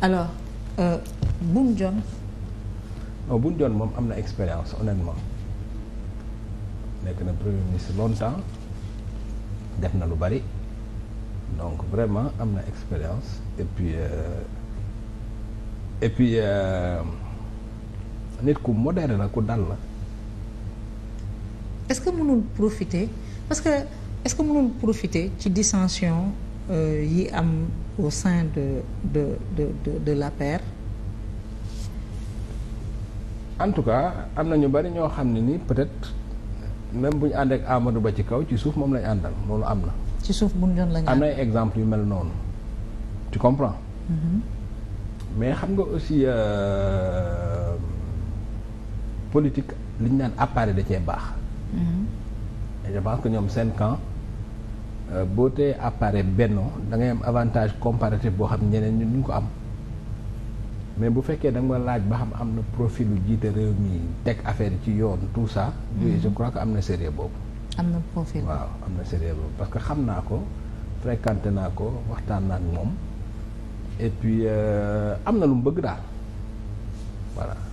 alors euh, Boun Dionne. non moom am na expérience honnêtement nekk na premier ministre longtemps def na lu bari donc vraiment am na expérience et puis euh, et puis euh, nit ku moderne la ku dal la. est-ce que mënul profiter parce que est-ce que mënul profiter ci dissension Euh, yi am au sein de de de de de l'APR en tout cas am na ñu bari ñoo xam ne ni peut-être même bu ñu ànd ak Ba ci kaw ci suuf moom lañ àndal loolu am na. ci suuf bu ñu doon lañ am na ay exemples yu mel noonu tu comprends. Mm-hmm. mais xam nga aussi euh, politique li ñu naan appareil da cee baax. Mm-hmm. et je pense que ñoom seen camp. Euh, boo tee appareil benno da ngay am avantage comparatif boo xam ñeneen ñu duñ ko am mais bu fekkee da nga ma laaj ba xam am na profil lu jiite réew mi teg affaire ci yoon tout ça. oui mm-hmm. je crois que am na sérieux boobu. am na profil am na sérieux boobu parce que xam naa ko fréquenté naa ko waxtaan naa ak moom et puis euh, am na lu mu bëgg daal voilà.